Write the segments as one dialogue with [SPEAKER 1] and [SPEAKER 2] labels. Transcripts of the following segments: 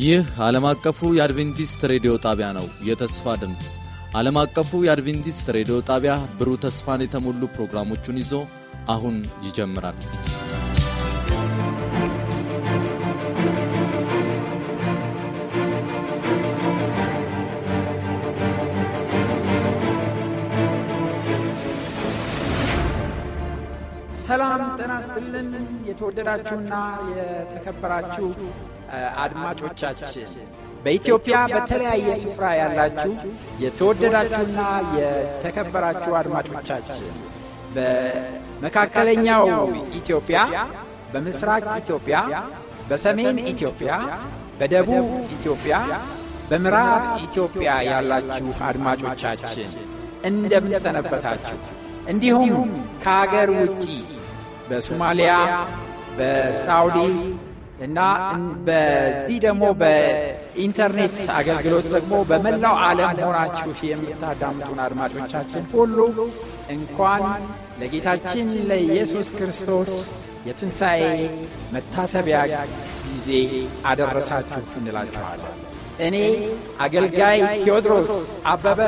[SPEAKER 1] ይህ ዓለም አቀፉ የአድቬንቲስት ሬዲዮ ጣቢያ ነው። የተስፋ ድምፅ ዓለም አቀፉ የአድቬንቲስት ሬዲዮ ጣቢያ ብሩህ ተስፋን የተሞሉ ፕሮግራሞቹን ይዞ አሁን ይጀምራል።
[SPEAKER 2] ሰላም ጤና ይስጥልን። የተወደዳችሁና የተከበራችሁ አድማጮቻችን በኢትዮጵያ በተለያየ ስፍራ ያላችሁ የተወደዳችሁና የተከበራችሁ አድማጮቻችን በመካከለኛው ኢትዮጵያ፣ በምስራቅ ኢትዮጵያ፣ በሰሜን ኢትዮጵያ፣ በደቡብ ኢትዮጵያ፣ በምዕራብ ኢትዮጵያ ያላችሁ አድማጮቻችን እንደምንሰነበታችሁ፣ እንዲሁም ከአገር ውጪ በሶማሊያ፣ በሳውዲ እና በዚህ ደግሞ በኢንተርኔት አገልግሎት ደግሞ በመላው ዓለም ሆናችሁ የምታዳምጡን አድማጮቻችን ሁሉ እንኳን ለጌታችን ለኢየሱስ ክርስቶስ የትንሣኤ መታሰቢያ ጊዜ አደረሳችሁ እንላችኋለን። እኔ አገልጋይ ቴዎድሮስ አበበ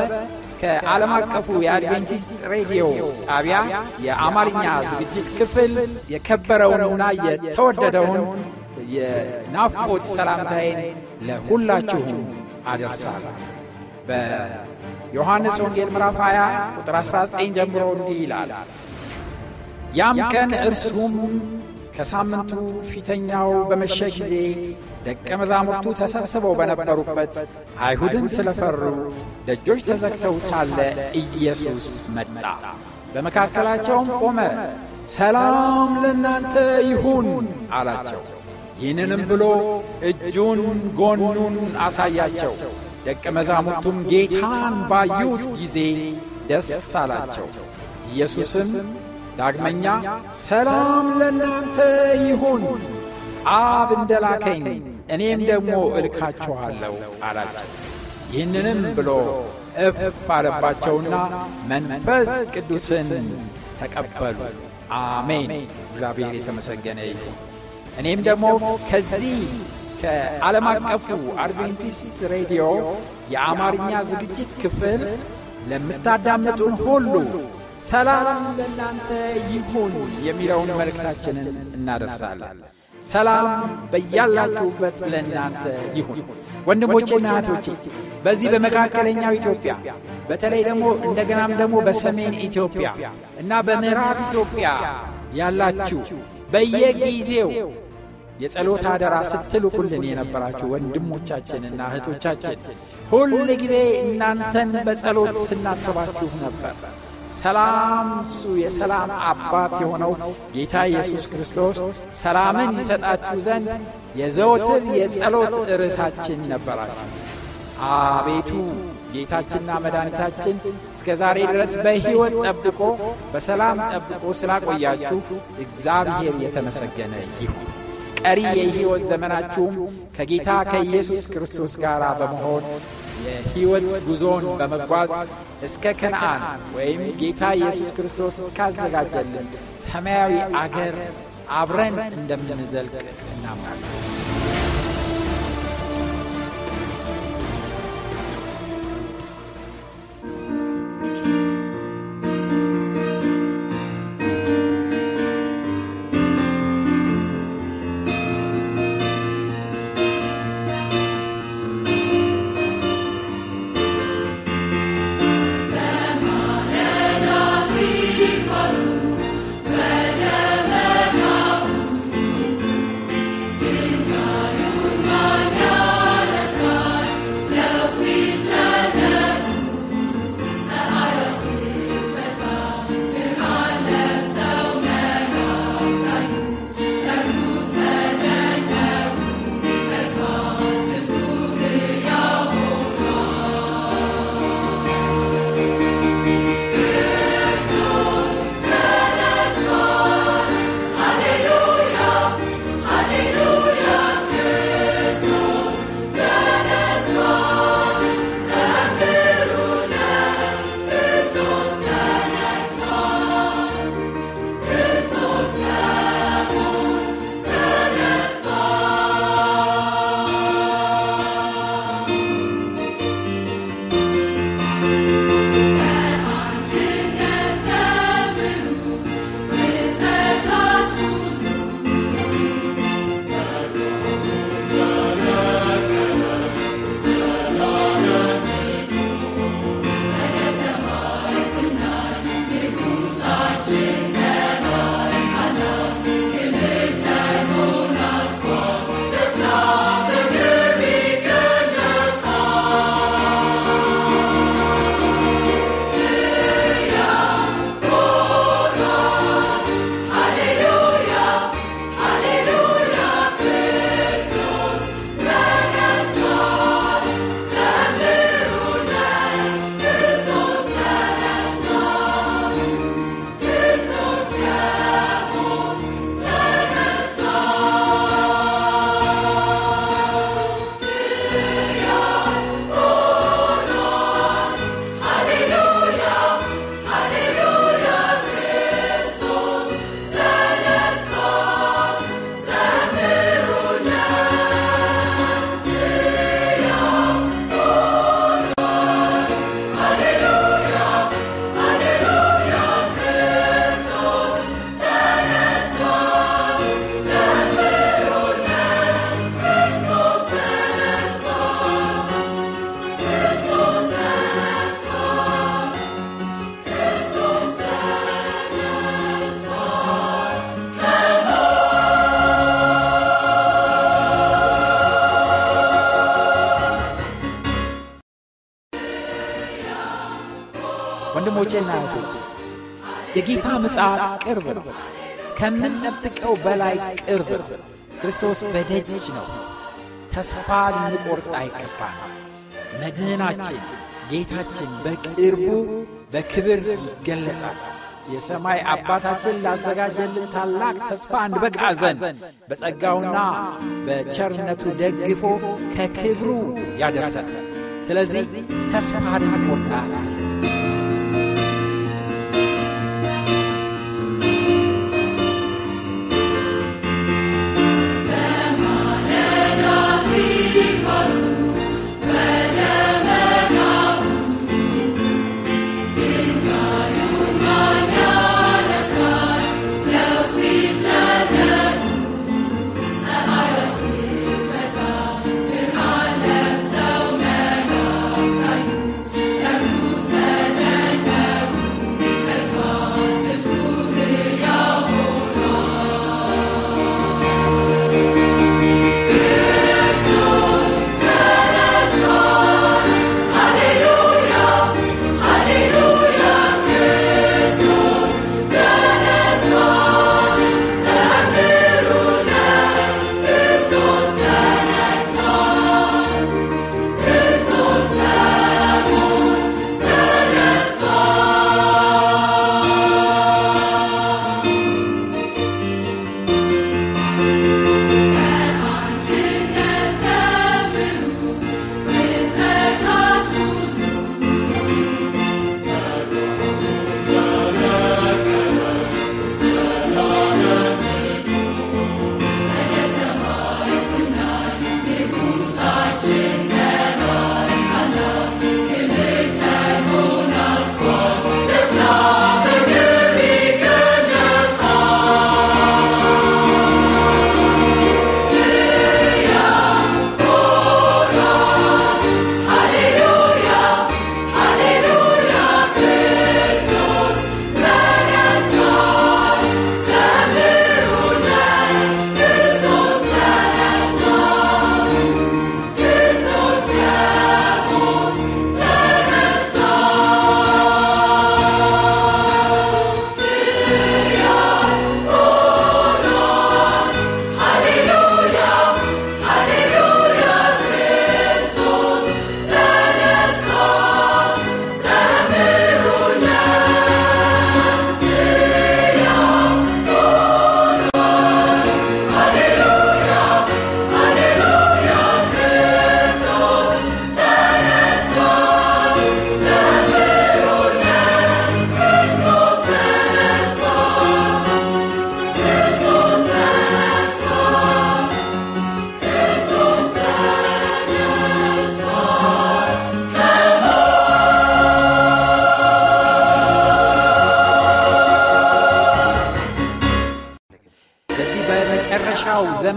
[SPEAKER 2] ከዓለም አቀፉ የአድቬንቲስት ሬዲዮ ጣቢያ የአማርኛ ዝግጅት ክፍል የከበረውንና የተወደደውን የናፍቆት ሰላምታዬን ለሁላችሁም አደርሳል በዮሐንስ ወንጌል ምራፍ 20 ቁጥር 19 ጀምሮ እንዲህ ይላል፣ ያም ቀን እርሱም ከሳምንቱ ፊተኛው በመሸ ጊዜ ደቀ መዛሙርቱ ተሰብስበው በነበሩበት አይሁድን ስለፈሩ ደጆች ተዘግተው ሳለ ኢየሱስ መጣ፣ በመካከላቸውም ቆመ። ሰላም ለእናንተ ይሁን አላቸው። ይህንንም ብሎ እጁን ጎኑን አሳያቸው። ደቀ መዛሙርቱም ጌታን ባዩት ጊዜ ደስ አላቸው። ኢየሱስም ዳግመኛ ሰላም ለእናንተ ይሁን፣ አብ እንደላከኝ እኔም ደግሞ እልካችኋለሁ አላቸው። ይህንንም ብሎ እፍ አለባቸውና መንፈስ ቅዱስን ተቀበሉ። አሜን። እግዚአብሔር የተመሰገነ ይሁን። እኔም ደግሞ ከዚህ ከዓለም አቀፉ አድቬንቲስት ሬዲዮ የአማርኛ ዝግጅት ክፍል ለምታዳምጡን ሁሉ ሰላም ለእናንተ ይሁን የሚለውን መልእክታችንን እናደርሳለን። ሰላም በያላችሁበት ለእናንተ ይሁን። ወንድሞቼ እህቶቼ በዚህ በመካከለኛው ኢትዮጵያ በተለይ ደግሞ እንደገናም ደግሞ በሰሜን ኢትዮጵያ እና በምዕራብ ኢትዮጵያ ያላችሁ በየጊዜው የጸሎት አደራ ስትልኩልን የነበራችሁ ወንድሞቻችንና እህቶቻችን ሁል ጊዜ እናንተን በጸሎት ስናስባችሁ ነበር። ሰላም እሱ የሰላም አባት የሆነው ጌታ ኢየሱስ ክርስቶስ ሰላምን ይሰጣችሁ ዘንድ የዘወትር የጸሎት ርዕሳችን ነበራችሁ። አቤቱ ጌታችንና መድኃኒታችን እስከ ዛሬ ድረስ በሕይወት ጠብቆ በሰላም ጠብቆ ስላቆያችሁ እግዚአብሔር የተመሰገነ ይሁን። ቀሪ የሕይወት ዘመናችሁም ከጌታ ከኢየሱስ ክርስቶስ ጋር በመሆን የሕይወት ጉዞን በመጓዝ እስከ ከነአን ወይም ጌታ ኢየሱስ ክርስቶስ እስካዘጋጀልን ሰማያዊ አገር አብረን እንደምንዘልቅ እናምናለን። ምጽአት ቅርብ ነው። ከምንጠብቀው በላይ ቅርብ ነው። ክርስቶስ በደጅ ነው። ተስፋ ልንቆርጥ አይገባል። መድህናችን ጌታችን በቅርቡ በክብር ይገለጻል። የሰማይ አባታችን ላዘጋጀልን ታላቅ ተስፋ እንድበቃ ዘንድ በጸጋውና በቸርነቱ ደግፎ ከክብሩ ያደርሰናል። ስለዚህ ተስፋ ልንቆርጥ አያስፈልግም።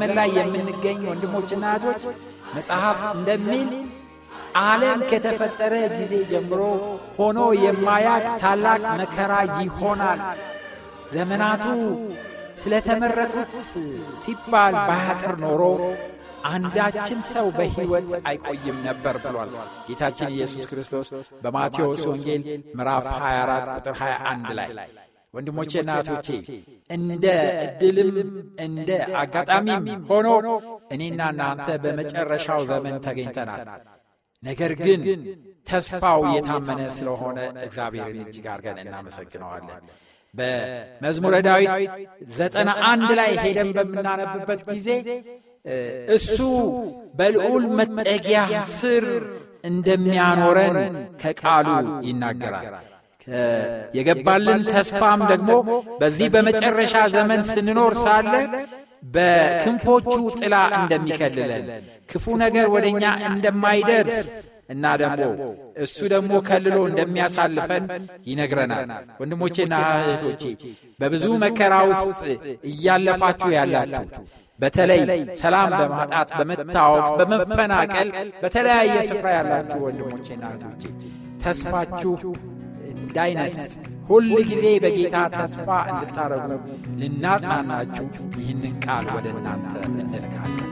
[SPEAKER 2] ዘመን ላይ የምንገኝ ወንድሞችና እህቶች መጽሐፍ እንደሚል ዓለም ከተፈጠረ ጊዜ ጀምሮ ሆኖ የማያቅ ታላቅ መከራ ይሆናል። ዘመናቱ
[SPEAKER 1] ስለተመረጡት
[SPEAKER 2] ሲባል ባያጥር ኖሮ አንዳችም ሰው በሕይወት አይቆይም ነበር ብሏል ጌታችን ኢየሱስ ክርስቶስ በማቴዎስ ወንጌል ምዕራፍ 24 ቁጥር 21 ላይ ወንድሞቼና እህቶቼ እንደ እድልም እንደ አጋጣሚም ሆኖ እኔና እናንተ በመጨረሻው ዘመን ተገኝተናል።
[SPEAKER 1] ነገር ግን ተስፋው የታመነ ስለሆነ
[SPEAKER 2] እግዚአብሔርን እጅግ አድርገን እናመሰግነዋለን። በመዝሙረ ዳዊት ዘጠና አንድ ላይ ሄደን በምናነብበት ጊዜ እሱ በልዑል መጠጊያ ስር እንደሚያኖረን ከቃሉ ይናገራል። የገባልን ተስፋም ደግሞ በዚህ በመጨረሻ ዘመን ስንኖር ሳለ በክንፎቹ ጥላ እንደሚከልለን ክፉ ነገር ወደ እኛ እንደማይደርስ እና ደግሞ እሱ ደግሞ ከልሎ እንደሚያሳልፈን ይነግረናል። ወንድሞቼና እህቶቼ በብዙ መከራ ውስጥ እያለፋችሁ ያላችሁ በተለይ ሰላም በማጣት በመታወቅ፣ በመፈናቀል በተለያየ ስፍራ ያላችሁ ወንድሞቼና እህቶቼ
[SPEAKER 1] ተስፋችሁ
[SPEAKER 2] እንዳይነጥፍ ሁል ጊዜ በጌታ ተስፋ እንድታረጉ ልናጽናናችሁ ይህንን ቃል ወደ እናንተ እንልካለን።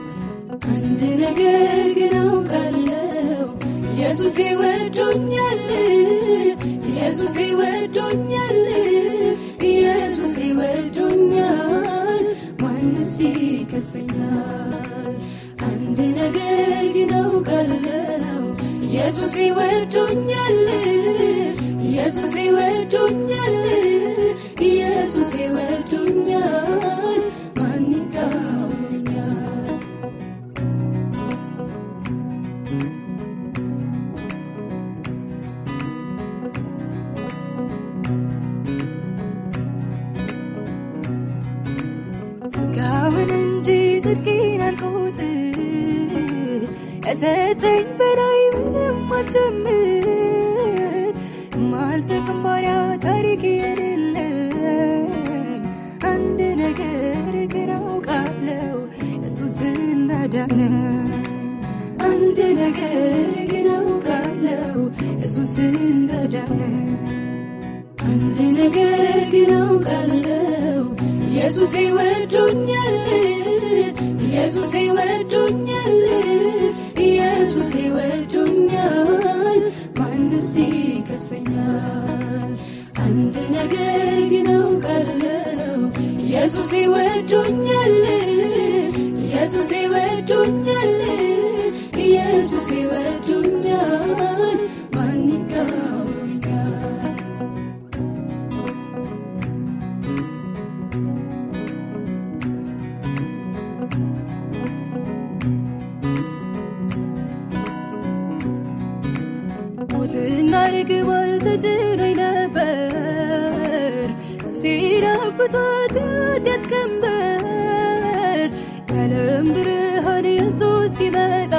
[SPEAKER 3] አንድ ነገር ግነው አውቃለሁ፣ ኢየሱስ ይወዶኛል፣ ኢየሱስ ይወዶኛል፣
[SPEAKER 1] ኢየሱስ ይወዶኛል፣
[SPEAKER 3] ማንስ ይከሰኛል? አንድ ነገር ግነው አውቃለሁ
[SPEAKER 1] ኢየሱስ ይወዱኛል
[SPEAKER 3] ኢየሱስ ይወዱኛል ኢየሱስ ይወዱኛል ማን ይቃወመኛል
[SPEAKER 1] ጸጋውን እንጂ
[SPEAKER 3] ጽድቄን አልቆጥር የሰጠኝ ጀምር ማልት ባሪያ ታሪክ የሌለኝ አንድ ነገር ግን አውቃለው ኢየሱስን እንዳዳነኝ አንድ ነገር ግን አውቃለው ኢየሱስን እንዳዳነኝ አንድ ነገር ግን አውቃለው ኢየሱሴ ወዶኛል ኢየሱሴ ወዶ ይለኛል። አንድ ነገር ኢየሱስ ይወዶኛል፣ ኢየሱስ ይወዶኛል፣ ኢየሱስ ይወዶኛል። ማን ይቃወኛል? ተጭኖኝ ነበር ነፍሴ ናፍቆት የኃጢአት ቀንበር የዓለም ብርሃን ኢየሱስ ሲመጣ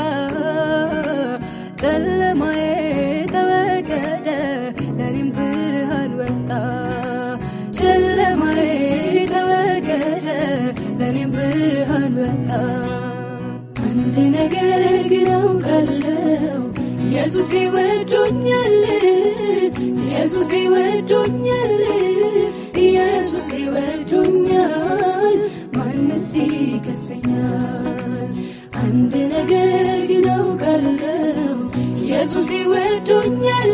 [SPEAKER 3] ጨለማዬ ተወገደ ለኔም ብርሃን ወጣ ጨለማዬ ተወገደ ለኔም ብርሃን ወጣ አንድ ነገር ግን አውቃለሁ ኢየሱስ ይወዶኛል ኢየሱስ ይወዶኛል ኢየሱስ ይወዶኛል ማንስ ይከሰኛል አንድ ነገር ግን አውቃለሁ ኢየሱስ ይወዶኛል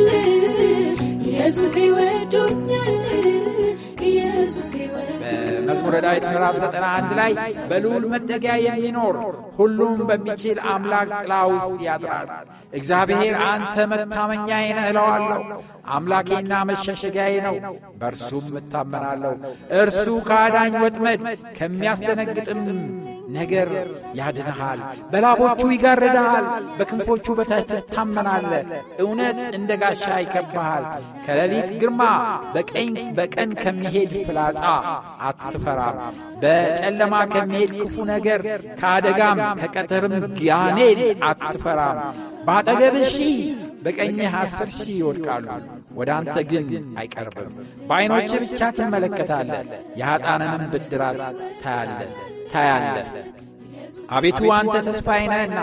[SPEAKER 3] ኢየሱስ ይወዶኛል ኢየሱስ ይወ ዘመዝሙረ ዳዊት ምዕራፍ
[SPEAKER 2] 91 ላይ በልዑል መጠጊያ የሚኖር ሁሉም በሚችል አምላክ ጥላ ውስጥ ያጥራል። እግዚአብሔር አንተ መታመኛዬ ነህ እለዋለሁ። አምላኬና መሸሸጊያዬ ነው፣ በእርሱም እታመናለሁ። እርሱ ከአዳኝ ወጥመድ ከሚያስደነግጥም ነገር ያድንሃል፣ በላቦቹ ይጋርድሃል፣ በክንፎቹ በታች ትታመናለ። እውነት እንደ ጋሻ ይከብሃል። ከሌሊት ግርማ በቀን ከሚሄድ ፍላጻ አትፈራም። በጨለማ ከሚሄድ ክፉ ነገር ከአደጋም ከቀትርም ጋኔል አትፈራም። በአጠገብ ሺህ በቀኝህ አስር ሺህ ይወድቃሉ፣ ወደ አንተ ግን አይቀርብም። በዐይኖች ብቻ ትመለከታለህ፣ የኀጣንንም ብድራት ታያለህ። ታያለ አቤቱ አንተ ተስፋዬ ነህና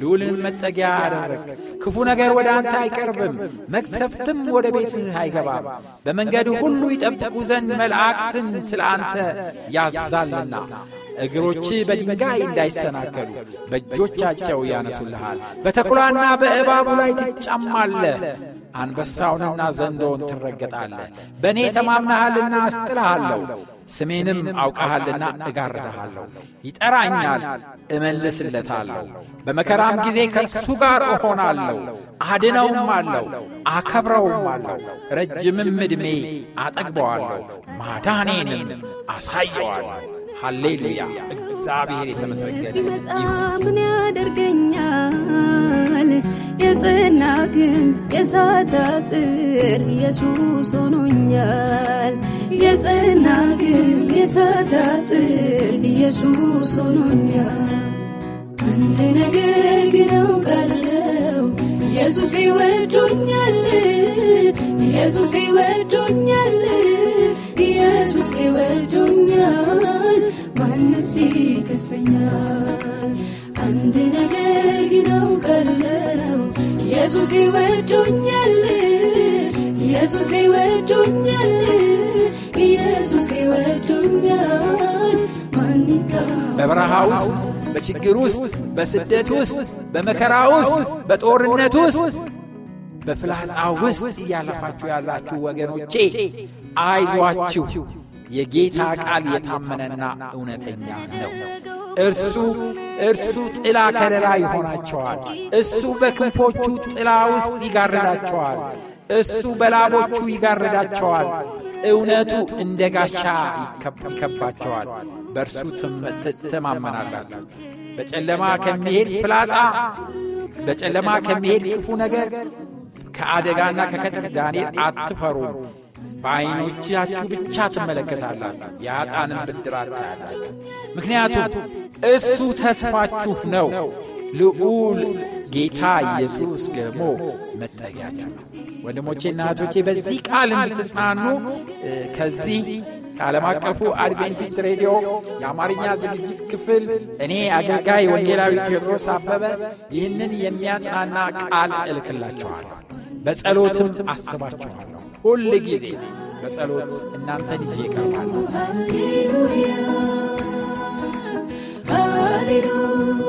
[SPEAKER 2] ልዑልን መጠጊያ አደረግ። ክፉ ነገር ወደ አንተ አይቀርብም፣ መቅሰፍትም ወደ ቤትህ አይገባም። በመንገዱ ሁሉ ይጠብቁ ዘንድ መላእክትን ስለ አንተ ያዛልና እግሮች በድንጋይ እንዳይሰናከሉ በእጆቻቸው ያነሱልሃል። በተኩላና በእባቡ ላይ ትጫማለ አንበሳውንና ዘንዶውን ትረገጣለ በእኔ ተማምናሃልና አስጥልሃለሁ ስሜንም አውቀሃልና እጋርድሃለሁ። ይጠራኛል፣ እመልስለታለሁ። በመከራም ጊዜ ከእርሱ ጋር እሆናለሁ፣ አድነውም አለው፣ አከብረውም አለው። ረጅምም ዕድሜ አጠግበዋለሁ፣ ማዳኔንም አሳየዋለሁ። ሃሌሉያ! እግዚአብሔር
[SPEAKER 1] የተመሰገነ
[SPEAKER 3] ይሁን። ያደርገኛል የጽና ግንብ የሳት አጥር ኢየሱስ ሆኖኛል። የጽና ግንብ የሳት አጥር ኢየሱስ ሆኖኛል። አንድ ነገር ግን አውቃለሁ ኢየሱስ ይወዶኛል። ኢየሱስ ይወዶኛል። ኢየሱስ ይወዶኛል። ማንስ ይከሰኛል? አንድ ነገር ኢየሱስ ይወዶኛል ኢየሱስ ይወዶኛል ኢየሱስ ይወዶኛል ማንካ በበረሃ ውስጥ
[SPEAKER 2] በችግር ውስጥ በስደት ውስጥ በመከራ ውስጥ በጦርነት ውስጥ በፍላጻ ውስጥ እያለፋችሁ ያላችሁ ወገኖቼ አይዟችሁ የጌታ ቃል የታመነና እውነተኛ ነው። እርሱ እርሱ ጥላ ከለላ ይሆናቸዋል። እሱ በክንፎቹ ጥላ ውስጥ ይጋርዳቸዋል። እሱ በላቦቹ ይጋርዳቸዋል። እውነቱ እንደ ጋሻ ይከባቸዋል። በእርሱ ትተማመናላችሁ። በጨለማ ከሚሄድ ፍላጻ፣ በጨለማ ከሚሄድ ክፉ ነገር፣ ከአደጋና ከከጥር ዳንኤል አትፈሩም። በዐይኖቻችሁ ብቻ ትመለከታላችሁ፣ የአጣንን ብድራት ታያላችሁ። ምክንያቱም እሱ ተስፋችሁ ነው። ልዑል ጌታ ኢየሱስ ደግሞ መጠጊያችሁ ነው። ወንድሞቼና እህቶቼ በዚህ ቃል እንድትጽናኑ ከዚህ ከዓለም አቀፉ አድቬንቲስት ሬዲዮ የአማርኛ ዝግጅት ክፍል እኔ አገልጋይ ወንጌላዊ ቴዎድሮስ አበበ ይህንን የሚያጽናና ቃል እልክላችኋለሁ። በጸሎትም አስባችኋለሁ። ሁል ጊዜ በጸሎት እናንተን ይዤ
[SPEAKER 1] እቀርባለሁ። ሃሌሉያ ሃሌሉያ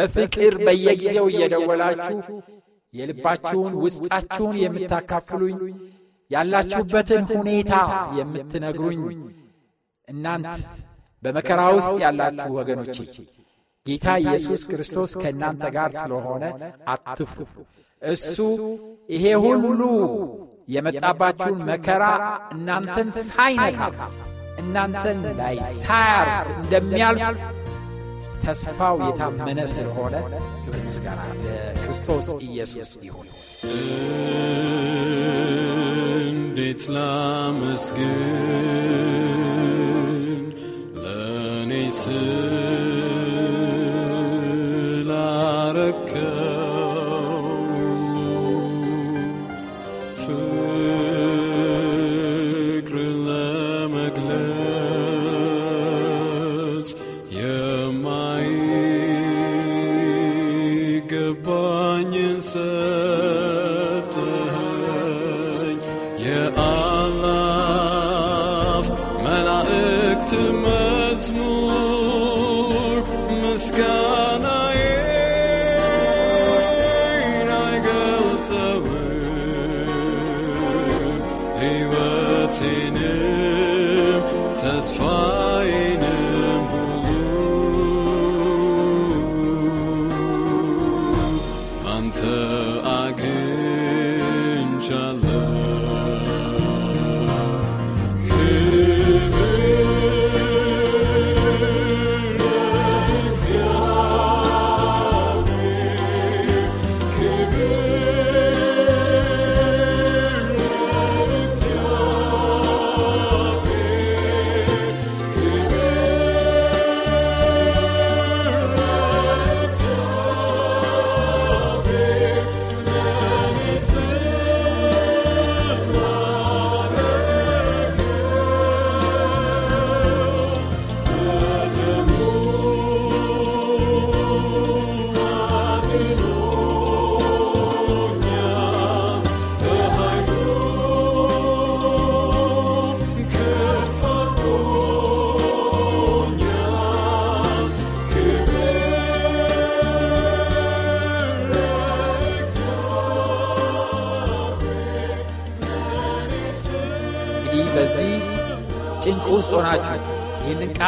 [SPEAKER 2] በፍቅር በየጊዜው እየደወላችሁ የልባችሁን ውስጣችሁን የምታካፍሉኝ ያላችሁበትን ሁኔታ የምትነግሩኝ እናንት በመከራ ውስጥ ያላችሁ ወገኖቼ ጌታ ኢየሱስ ክርስቶስ ከእናንተ ጋር ስለሆነ አትፍሩ። እሱ ይሄ ሁሉ የመጣባችሁን መከራ እናንተን ሳይነካ እናንተን ላይ ሳያርፍ እንደሚያልፍ ተስፋው የታመነ ስለሆነ ክብር ምስጋና ለክርስቶስ ኢየሱስ ይሁን።
[SPEAKER 1] እንዴት ላመስግን ለእኔ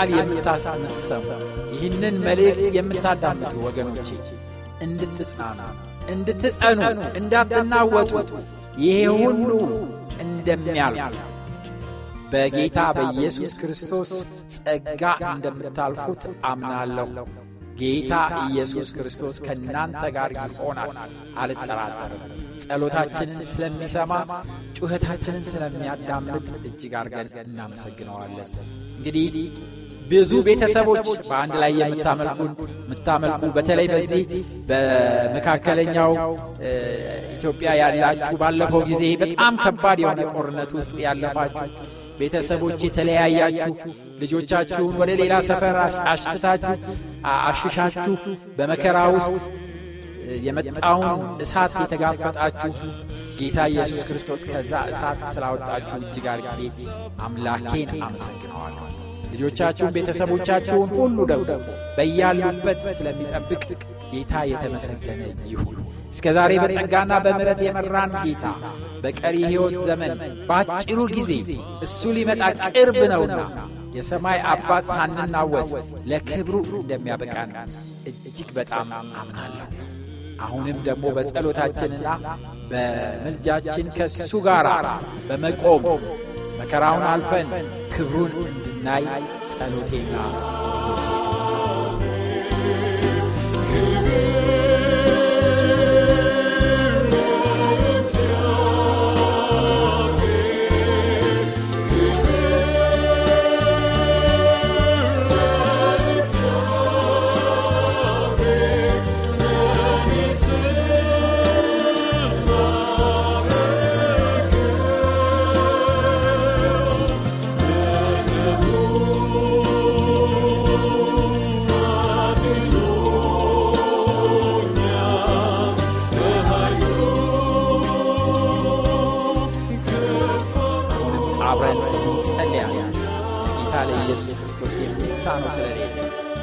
[SPEAKER 2] ቃል የምታስምትሰሙ ይህንን መልእክት የምታዳምጡ ወገኖቼ እንድትጽናኑ እንድትጸኑ እንዳትናወጡ ይሄ ሁሉ እንደሚያልፍ በጌታ በኢየሱስ ክርስቶስ ጸጋ እንደምታልፉት አምናለሁ። ጌታ ኢየሱስ ክርስቶስ ከእናንተ ጋር ይሆናል፣ አልጠራጠርም። ጸሎታችንን ስለሚሰማ ጩኸታችንን ስለሚያዳምጥ እጅግ አድርገን እናመሰግነዋለን። እንግዲህ
[SPEAKER 1] ብዙ ቤተሰቦች በአንድ ላይ የምታመልኩን
[SPEAKER 2] የምታመልኩ በተለይ በዚህ በመካከለኛው ኢትዮጵያ ያላችሁ ባለፈው ጊዜ በጣም ከባድ የሆነ ጦርነት ውስጥ ያለፋችሁ ቤተሰቦች የተለያያችሁ ልጆቻችሁን ወደ ሌላ ሰፈር አሽትታችሁ አሽሻችሁ በመከራ ውስጥ የመጣውን እሳት የተጋፈጣችሁ ጌታ ኢየሱስ ክርስቶስ ከዛ እሳት ስላወጣችሁ እጅግ አምላኬን አመሰግነዋለሁ። ልጆቻችሁን፣ ቤተሰቦቻችሁን ሁሉ ደግሞ በያሉበት ስለሚጠብቅ ጌታ የተመሰገነ ይሁን። እስከ ዛሬ በጸጋና በምረት የመራን ጌታ በቀሪ ሕይወት ዘመን በአጭሩ ጊዜ እሱ ሊመጣ ቅርብ ነውና የሰማይ አባት ሳንናወጽ ለክብሩ እንደሚያበቃን እጅግ በጣም አምናለሁ። አሁንም ደግሞ በጸሎታችንና በምልጃችን ከእሱ ጋር በመቆም መከራውን አልፈን ክብሩን night salutation.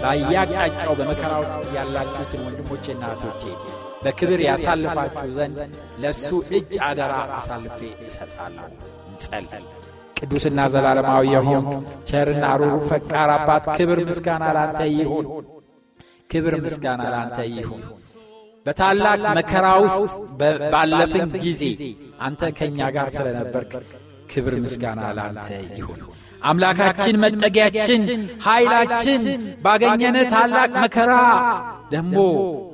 [SPEAKER 2] ባያቅጣጫው በመከራ ውስጥ ያላችሁትን ወንድሞቼና እህቶቼ በክብር ያሳልፋችሁ ዘንድ ለእሱ እጅ አደራ አሳልፌ እሰጣለሁ። እንጸልል ቅዱስና ዘላለማዊ የሆንክ ቸርና ሩሩ ፈቃር አባት ክብር ምስጋና ላንተ ይሁን።
[SPEAKER 1] ክብር ምስጋና ላንተ ይሁን።
[SPEAKER 2] በታላቅ መከራ ውስጥ ባለፍን ጊዜ አንተ ከእኛ ጋር ስለነበርክ ክብር ምስጋና ላንተ ይሁን። አምላካችን መጠጊያችን ኃይላችን ባገኘነ ታላቅ መከራ ደግሞ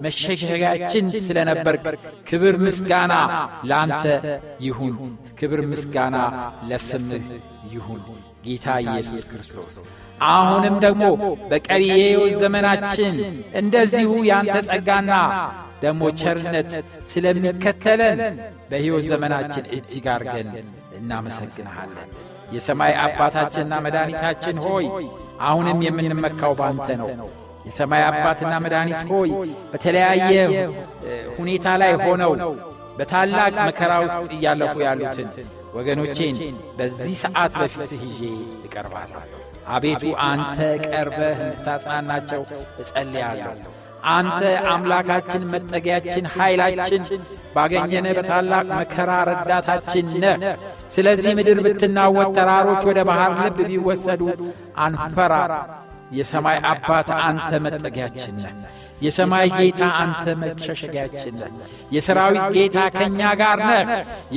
[SPEAKER 2] መሸሸጊያችን ስለ ነበርክ ክብር ምስጋና ለአንተ ይሁን። ክብር ምስጋና ለስምህ ይሁን ጌታ ኢየሱስ ክርስቶስ። አሁንም ደግሞ በቀሪ የሕይወት ዘመናችን እንደዚሁ ያንተ ጸጋና ደግሞ ቸርነት ስለሚከተለን በሕይወት ዘመናችን እጅግ አርገን እናመሰግንሃለን። የሰማይ አባታችንና መድኃኒታችን ሆይ አሁንም የምንመካው ባንተ ነው። የሰማይ አባትና መድኃኒት ሆይ በተለያየ ሁኔታ ላይ ሆነው በታላቅ መከራ ውስጥ እያለፉ ያሉትን ወገኖቼን በዚህ ሰዓት በፊት ይዤ እቀርባለሁ። አቤቱ አንተ ቀርበህ እንድታጽናናቸው እጸልያለሁ። አንተ አምላካችን፣ መጠጊያችን፣ ኃይላችን ባገኘነ በታላቅ መከራ ረዳታችን ነ ስለዚህ ምድር ብትናወጥ፣ ተራሮች ወደ ባሕር ልብ ቢወሰዱ አንፈራ። የሰማይ አባት አንተ መጠጊያችን ነ የሰማይ ጌታ አንተ መሸሸጊያችን ነ የሰራዊት ጌታ ከእኛ ጋር ነ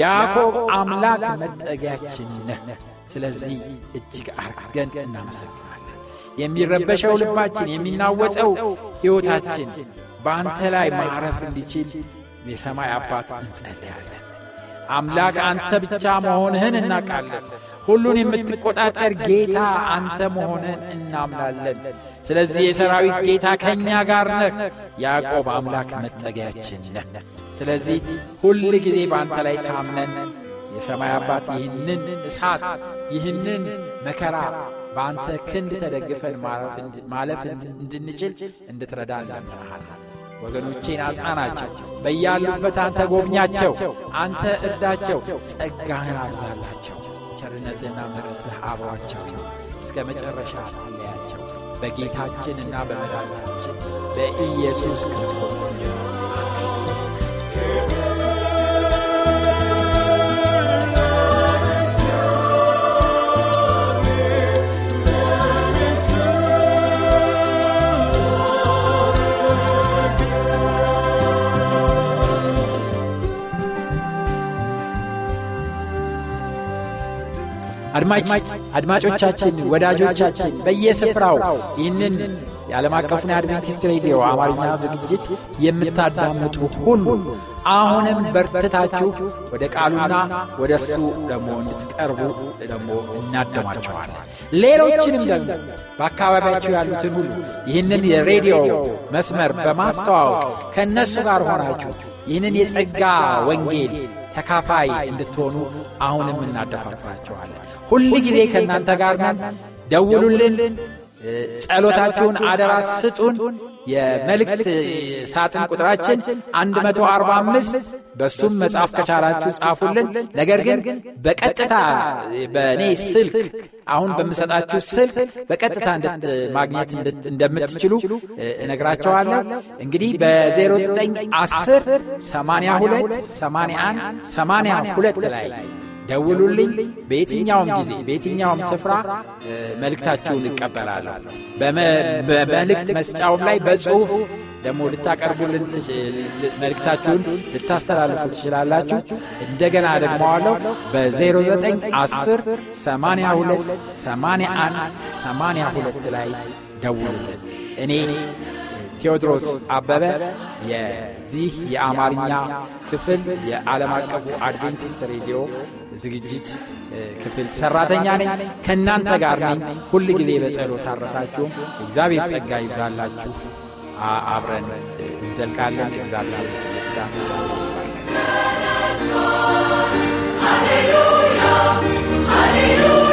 [SPEAKER 2] ያዕቆብ አምላክ መጠጊያችን ነ። ስለዚህ እጅግ አርገን እናመሰግናል። የሚረበሸው ልባችን፣ የሚናወጸው ሕይወታችን በአንተ ላይ ማረፍ እንዲችል የሰማይ አባት እንጸልያለን። አምላክ አንተ ብቻ መሆንህን እናቃለን ሁሉን የምትቆጣጠር ጌታ አንተ መሆንህን እናምናለን። ስለዚህ የሰራዊት ጌታ ከእኛ ጋር ነህ። ያዕቆብ አምላክ መጠጊያችን ነህ። ስለዚህ ሁል ጊዜ በአንተ ላይ ታምነን የሰማይ አባት ይህንን እሳት ይህንን መከራ በአንተ ክንድ ተደግፈን ማለፍ እንድንችል እንድትረዳን እንለምንሃለን። ወገኖቼን አጽናናቸው፣ በያሉበት አንተ ጎብኛቸው፣ አንተ እርዳቸው፣ ጸጋህን አብዛላቸው፣ ቸርነትና ምረትህ አብሯቸው እስከ መጨረሻ አትለያቸው። በጌታችንና በመዳናችን
[SPEAKER 1] በኢየሱስ ክርስቶስ
[SPEAKER 2] አድማጮቻችን፣ ወዳጆቻችን በየስፍራው ይህንን የዓለም አቀፉን የአድቬንቲስት ሬዲዮ አማርኛ ዝግጅት የምታዳምጡ ሁሉ አሁንም በርትታችሁ ወደ ቃሉና ወደ እሱ ደግሞ እንድትቀርቡ ደግሞ እናደማቸዋለን ሌሎችንም ደግሞ በአካባቢያቸው ያሉትን ሁሉ ይህንን የሬዲዮ መስመር በማስተዋወቅ ከእነሱ ጋር ሆናችሁ ይህንን የጸጋ ወንጌል ተካፋይ እንድትሆኑ አሁንም እናደፋፍራችኋለን። ሁል ጊዜ ከእናንተ ጋር ነን። ደውሉልን። ጸሎታችሁን አደራ ስጡን። የመልእክት ሳጥን ቁጥራችን 145 በሱም መጽሐፍ ከቻላችሁ ጻፉልን። ነገር ግን በቀጥታ በእኔ ስልክ አሁን በምሰጣችሁ ስልክ በቀጥታ ማግኘት እንደምትችሉ እነግራቸዋለሁ። እንግዲህ በ0910 82 81 82 ላይ ደውሉልኝ። በየትኛውም ጊዜ በየትኛውም ስፍራ መልእክታችሁን እቀበላለሁ። በመልእክት መስጫውም ላይ በጽሁፍ ደግሞ ልታቀርቡልን መልእክታችሁን ልታስተላልፉ ትችላላችሁ። እንደገና ደግመዋለሁ በ0910 82 81 82 ላይ ደውሉልን። እኔ ቴዎድሮስ አበበ የዚህ የአማርኛ ክፍል የዓለም አቀፉ አድቬንቲስት ሬዲዮ ዝግጅት ክፍል ሰራተኛ ነኝ። ከእናንተ ጋር ነኝ። ሁል ጊዜ በጸሎት አረሳችሁም። እግዚአብሔር ጸጋ ይብዛላችሁ። አብረን እንዘልቃለን።
[SPEAKER 1] እግዚአብሔር ይርዳ። Hallelujah,